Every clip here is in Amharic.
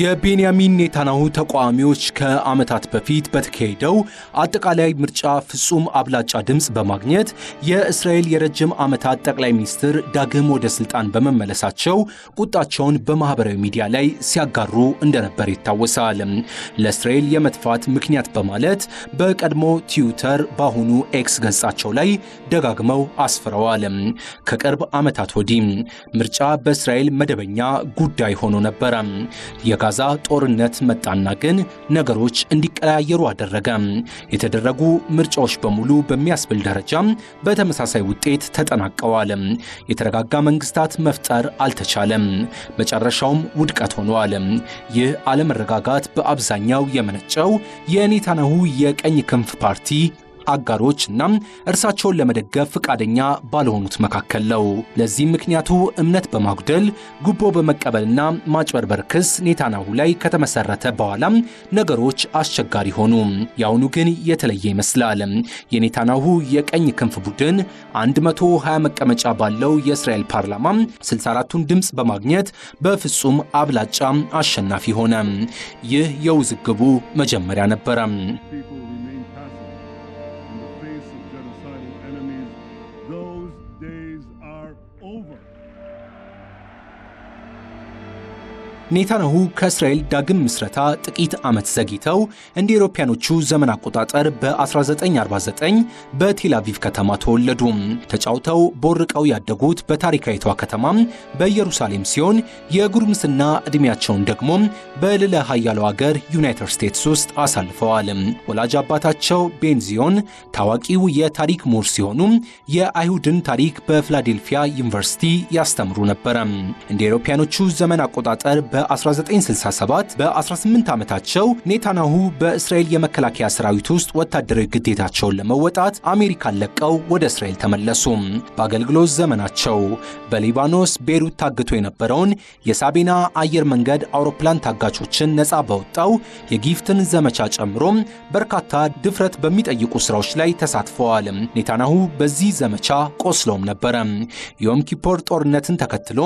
የቤንያሚን ኔታናሁ ተቃዋሚዎች ከዓመታት በፊት በተካሄደው አጠቃላይ ምርጫ ፍጹም አብላጫ ድምፅ በማግኘት የእስራኤል የረጅም ዓመታት ጠቅላይ ሚኒስትር ዳግም ወደ ስልጣን በመመለሳቸው ቁጣቸውን በማህበራዊ ሚዲያ ላይ ሲያጋሩ እንደነበር ይታወሳል። ለእስራኤል የመጥፋት ምክንያት በማለት በቀድሞ ትዊተር በአሁኑ ኤክስ ገጻቸው ላይ ደጋግመው አስፍረዋል። ከቅርብ ዓመታት ወዲህ ምርጫ በእስራኤል መደበኛ ጉዳይ ሆኖ ነበረ። የጋዛ ጦርነት መጣና ግን ነገሮች እንዲቀያየሩ አደረገ። የተደረጉ ምርጫዎች በሙሉ በሚያስብል ደረጃ በተመሳሳይ ውጤት ተጠናቀዋል። የተረጋጋ መንግስታት መፍጠር አልተቻለም። መጨረሻውም ውድቀት ሆኗል። ይህ አለመረጋጋት በአብዛኛው የመነጨው የኔታናሁ የቀኝ ክንፍ ፓርቲ አጋሮች እና እርሳቸውን ለመደገፍ ፈቃደኛ ባልሆኑት መካከል ነው። ለዚህም ምክንያቱ እምነት በማጉደል ጉቦ በመቀበልና ማጭበርበር ክስ ኔታንያሁ ላይ ከተመሰረተ በኋላ ነገሮች አስቸጋሪ ሆኑ። የአሁኑ ግን የተለየ ይመስላል። የኔታንያሁ የቀኝ ክንፍ ቡድን 120 መቀመጫ ባለው የእስራኤል ፓርላማ 64ቱን ድምፅ በማግኘት በፍጹም አብላጫ አሸናፊ ሆነ። ይህ የውዝግቡ መጀመሪያ ነበረ። days are over. ኔታንያሁ ከእስራኤል ዳግም ምስረታ ጥቂት ዓመት ዘግይተው እንደ አውሮፓውያኖቹ ዘመን አቆጣጠር በ1949 በቴል አቪቭ ከተማ ተወለዱ። ተጫውተው ቦርቀው ያደጉት በታሪካዊቷ ከተማ በኢየሩሳሌም ሲሆን የጉርምስና ዕድሜያቸውን ደግሞ በልዕለ ኃያሉ አገር ዩናይትድ ስቴትስ ውስጥ አሳልፈዋል። ወላጅ አባታቸው ቤንዚዮን ታዋቂው የታሪክ ምሁር ሲሆኑ የአይሁድን ታሪክ በፊላዴልፊያ ዩኒቨርሲቲ ያስተምሩ ነበረ። እንደ አውሮፓውያኖቹ ዘመን አቆጣጠር በ1967 በ18 ዓመታቸው ኔታንያሁ በእስራኤል የመከላከያ ሰራዊት ውስጥ ወታደራዊ ግዴታቸውን ለመወጣት አሜሪካን ለቀው ወደ እስራኤል ተመለሱ። በአገልግሎት ዘመናቸው በሊባኖስ ቤሩት ታግቶ የነበረውን የሳቢና አየር መንገድ አውሮፕላን ታጋቾችን ነጻ በወጣው የጊፍትን ዘመቻ ጨምሮ በርካታ ድፍረት በሚጠይቁ ስራዎች ላይ ተሳትፈዋል። ኔታንያሁ በዚህ ዘመቻ ቆስለውም ነበረ። የዮም ኪፖር ጦርነትን ተከትሎ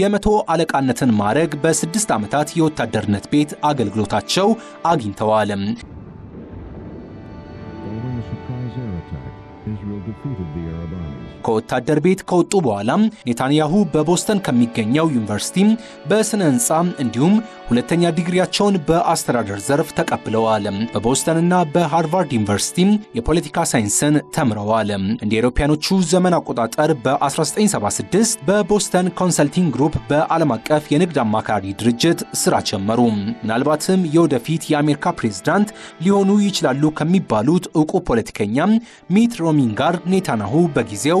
የመቶ አለቃነትን ማድረግ በስ ስድስት ዓመታት የወታደርነት ቤት አገልግሎታቸው አግኝተዋል። ከወታደር ቤት ከወጡ በኋላ ኔታንያሁ በቦስተን ከሚገኘው ዩኒቨርሲቲ በስነ ህንፃ እንዲሁም ሁለተኛ ዲግሪያቸውን በአስተዳደር ዘርፍ ተቀብለዋል። በቦስተንና በሃርቫርድ ዩኒቨርሲቲ የፖለቲካ ሳይንስን ተምረዋል። እንደ አውሮፓውያኖቹ ዘመን አቆጣጠር በ1976 በቦስተን ኮንሰልቲንግ ግሩፕ በዓለም አቀፍ የንግድ አማካሪ ድርጅት ስራ ጀመሩ። ምናልባትም የወደፊት የአሜሪካ ፕሬዝዳንት ሊሆኑ ይችላሉ ከሚባሉት እውቁ ፖለቲከኛ ሚት ሮሚን ጋር ኔታንያሁ በጊዜው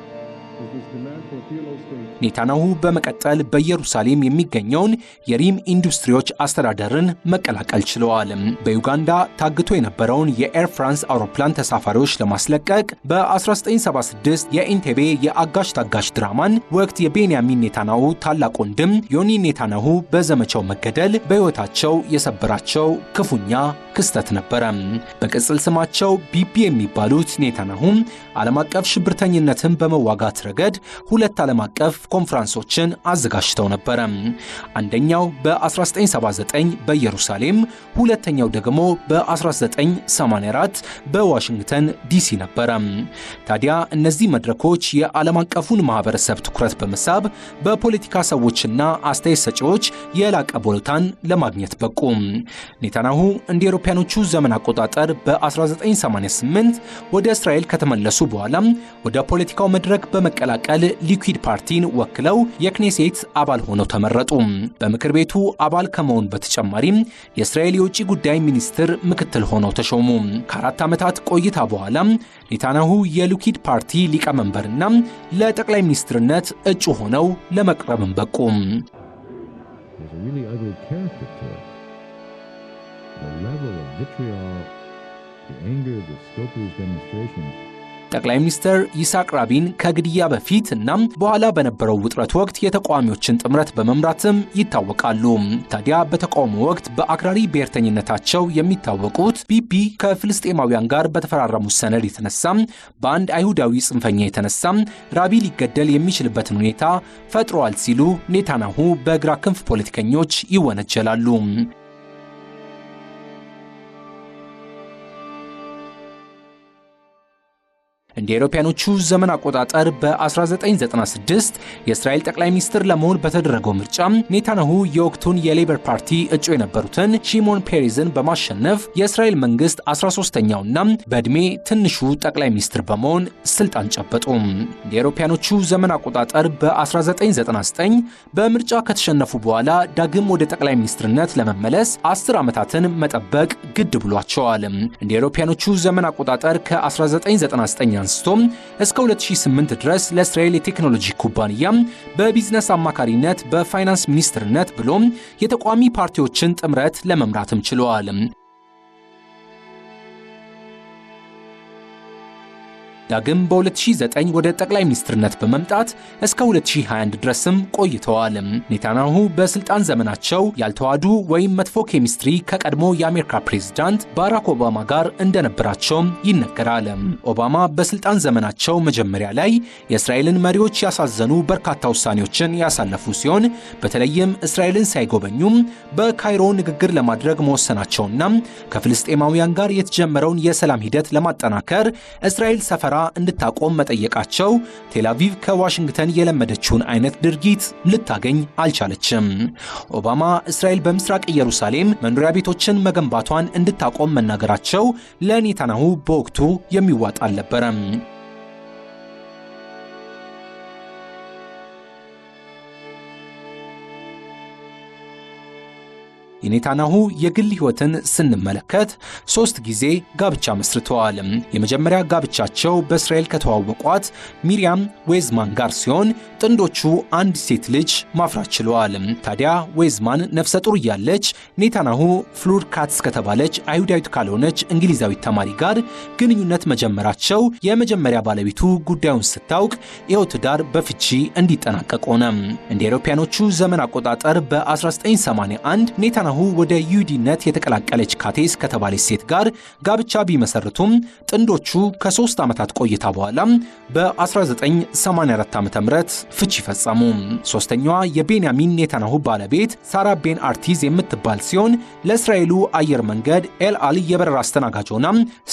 ኔታናሁ በመቀጠል በኢየሩሳሌም የሚገኘውን የሪም ኢንዱስትሪዎች አስተዳደርን መቀላቀል ችለዋል። በዩጋንዳ ታግቶ የነበረውን የኤር ፍራንስ አውሮፕላን ተሳፋሪዎች ለማስለቀቅ በ1976 የኢንቴቤ የአጋሽ ታጋሽ ድራማን ወቅት የቤንያሚን ኔታናሁ ታላቅ ወንድም ዮኒ ኔታናሁ በዘመቻው መገደል በሕይወታቸው የሰበራቸው ክፉኛ ክስተት ነበረ። በቅጽል ስማቸው ቢቢ የሚባሉት ኔታናሁም ዓለም አቀፍ ሽብርተኝነትን በመዋጋት ረገድ ሁለት ዓለም አቀፍ ኮንፈረንሶችን አዘጋጅተው ነበረ። አንደኛው በ1979 በኢየሩሳሌም፣ ሁለተኛው ደግሞ በ1984 በዋሽንግተን ዲሲ ነበረ። ታዲያ እነዚህ መድረኮች የዓለም አቀፉን ማህበረሰብ ትኩረት በመሳብ በፖለቲካ ሰዎችና አስተያየት ሰጪዎች የላቀ ቦታን ለማግኘት በቁ። ኔታናሁ እንደ አውሮፓውያኖቹ ዘመን አቆጣጠር በ1988 ወደ እስራኤል ከተመለሱ በኋላ ወደ ፖለቲካው መድረክ በመቀ በመቀላቀል ሊኩዊድ ፓርቲን ወክለው የክኔሴት አባል ሆነው ተመረጡ። በምክር ቤቱ አባል ከመሆን በተጨማሪም የእስራኤል የውጭ ጉዳይ ሚኒስትር ምክትል ሆነው ተሾሙ። ከአራት ዓመታት ቆይታ በኋላ ኔታንያሁ የሊኩዊድ ፓርቲ ሊቀመንበርና ለጠቅላይ ሚኒስትርነት እጩ ሆነው ለመቅረብም በቁ። The level of vitriol, the anger of Stokely's demonstrations ጠቅላይ ሚኒስትር ይስሐቅ ራቢን ከግድያ በፊት እናም በኋላ በነበረው ውጥረት ወቅት የተቃዋሚዎችን ጥምረት በመምራትም ይታወቃሉ። ታዲያ በተቃውሞ ወቅት በአክራሪ ብሔርተኝነታቸው የሚታወቁት ቢቢ ከፍልስጤማውያን ጋር በተፈራረሙት ሰነድ የተነሳ በአንድ አይሁዳዊ ጽንፈኛ የተነሳ ራቢ ሊገደል የሚችልበትን ሁኔታ ፈጥረዋል ሲሉ ኔታናሁ በግራ ክንፍ ፖለቲከኞች ይወነጀላሉ። እንደ አውሮፓውያኖቹ ዘመን አቆጣጠር በ1996 የእስራኤል ጠቅላይ ሚኒስትር ለመሆን በተደረገው ምርጫ ኔታንያሁ የወቅቱን የሌበር ፓርቲ እጩ የነበሩትን ሺሞን ፔሪዝን በማሸነፍ የእስራኤል መንግስት 13ተኛውና በዕድሜ ትንሹ ጠቅላይ ሚኒስትር በመሆን ስልጣን ጨበጡ። እንደ አውሮፓውያኖቹ ዘመን አቆጣጠር በ1999 በምርጫ ከተሸነፉ በኋላ ዳግም ወደ ጠቅላይ ሚኒስትርነት ለመመለስ 10 ዓመታትን መጠበቅ ግድ ብሏቸዋል። እንደ አውሮፓውያኖቹ ዘመን አቆጣጠር ከ1999 አንስቶ እስከ 2008 ድረስ ለእስራኤል የቴክኖሎጂ ኩባንያ በቢዝነስ አማካሪነት፣ በፋይናንስ ሚኒስትርነት ብሎም የተቋሚ ፓርቲዎችን ጥምረት ለመምራትም ችለዋል። ዳግም በ2009 ወደ ጠቅላይ ሚኒስትርነት በመምጣት እስከ 2021 ድረስም ቆይተዋል። ኔታንያሁ በስልጣን ዘመናቸው ያልተዋዱ ወይም መጥፎ ኬሚስትሪ ከቀድሞ የአሜሪካ ፕሬዝዳንት ባራክ ኦባማ ጋር እንደነበራቸውም ይነገራል። ኦባማ በስልጣን ዘመናቸው መጀመሪያ ላይ የእስራኤልን መሪዎች ያሳዘኑ በርካታ ውሳኔዎችን ያሳለፉ ሲሆን በተለይም እስራኤልን ሳይጎበኙም በካይሮ ንግግር ለማድረግ መወሰናቸውና ከፍልስጤማውያን ጋር የተጀመረውን የሰላም ሂደት ለማጠናከር እስራኤል ሰፈራ እንድታቆም መጠየቃቸው ቴላቪቭ ከዋሽንግተን የለመደችውን አይነት ድርጊት ልታገኝ አልቻለችም። ኦባማ እስራኤል በምስራቅ ኢየሩሳሌም መኖሪያ ቤቶችን መገንባቷን እንድታቆም መናገራቸው ለኔታናሁ በወቅቱ የሚዋጣ አልነበረም። የኔታናሁ የግል ሕይወትን ስንመለከት ሶስት ጊዜ ጋብቻ መስርተዋል። የመጀመሪያ ጋብቻቸው በእስራኤል ከተዋወቋት ሚሪያም ዌዝማን ጋር ሲሆን ጥንዶቹ አንድ ሴት ልጅ ማፍራት ችለዋል። ታዲያ ዌዝማን ነፍሰ ጡር እያለች ኔታናሁ ፍሉር ካትስ ከተባለች አይሁዳዊት ካልሆነች እንግሊዛዊት ተማሪ ጋር ግንኙነት መጀመራቸው የመጀመሪያ ባለቤቱ ጉዳዩን ስታውቅ ይኸው ትዳር በፍቺ እንዲጠናቀቅ ሆነ። እንደ አውሮፓውያኖቹ ዘመን አቆጣጠር በ1981 ኔታንያሁ ኔታንያሁ ወደ ይሁዲነት የተቀላቀለች ካቴስ ከተባለች ሴት ጋር ጋብቻ ቢመሰርቱም ጥንዶቹ ከሶስት ዓመታት ቆይታ በኋላ በ1984 ዓ ም ፍቺ ፈጸሙ። ሦስተኛዋ የቤንያሚን ኔታንያሁ ባለቤት ሳራ ቤን አርቲዝ የምትባል ሲሆን ለእስራኤሉ አየር መንገድ ኤልአል የበረራ አስተናጋጅ ሆና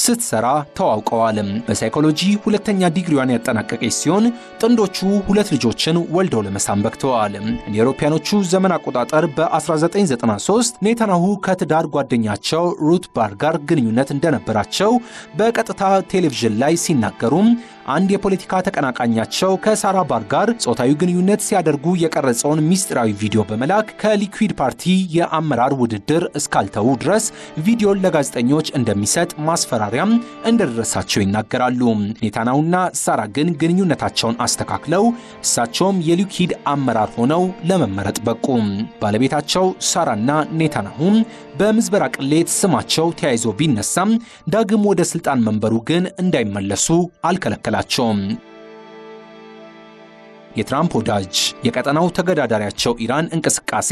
ስትሰራ ተዋውቀዋል። በሳይኮሎጂ ሁለተኛ ዲግሪዋን ያጠናቀቀች ሲሆን ጥንዶቹ ሁለት ልጆችን ወልደው ለመሳም በክተዋል። እንደ ዘመን አቆጣጠር በ1993 ውስጥ ኔታናሁ ከትዳር ጓደኛቸው ሩት ባር ጋር ግንኙነት እንደነበራቸው በቀጥታ ቴሌቪዥን ላይ ሲናገሩም አንድ የፖለቲካ ተቀናቃኛቸው ከሳራ ባር ጋር ጾታዊ ግንኙነት ሲያደርጉ የቀረጸውን ሚስጥራዊ ቪዲዮ በመላክ ከሊኩዊድ ፓርቲ የአመራር ውድድር እስካልተዉ ድረስ ቪዲዮን ለጋዜጠኞች እንደሚሰጥ ማስፈራሪያም እንደደረሳቸው ይናገራሉ። ኔታናውና ሳራ ግን ግንኙነታቸውን አስተካክለው እሳቸውም የሊኩዊድ አመራር ሆነው ለመመረጥ በቁ። ባለቤታቸው ሳራና ኔታናሁም በምዝበራ ቅሌት ስማቸው ተያይዞ ቢነሳም ዳግም ወደ ስልጣን መንበሩ ግን እንዳይመለሱ አልከለከላል አላቸው። የትራምፕ ወዳጅ የቀጠናው ተገዳዳሪያቸው ኢራን እንቅስቃሴ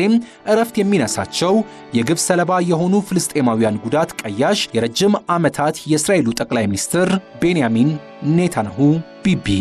እረፍት የሚነሳቸው የግብ ሰለባ የሆኑ ፍልስጤማውያን ጉዳት ቀያሽ የረጅም ዓመታት የእስራኤሉ ጠቅላይ ሚኒስትር ቤንያሚን ኔታንያሁ ቢቢ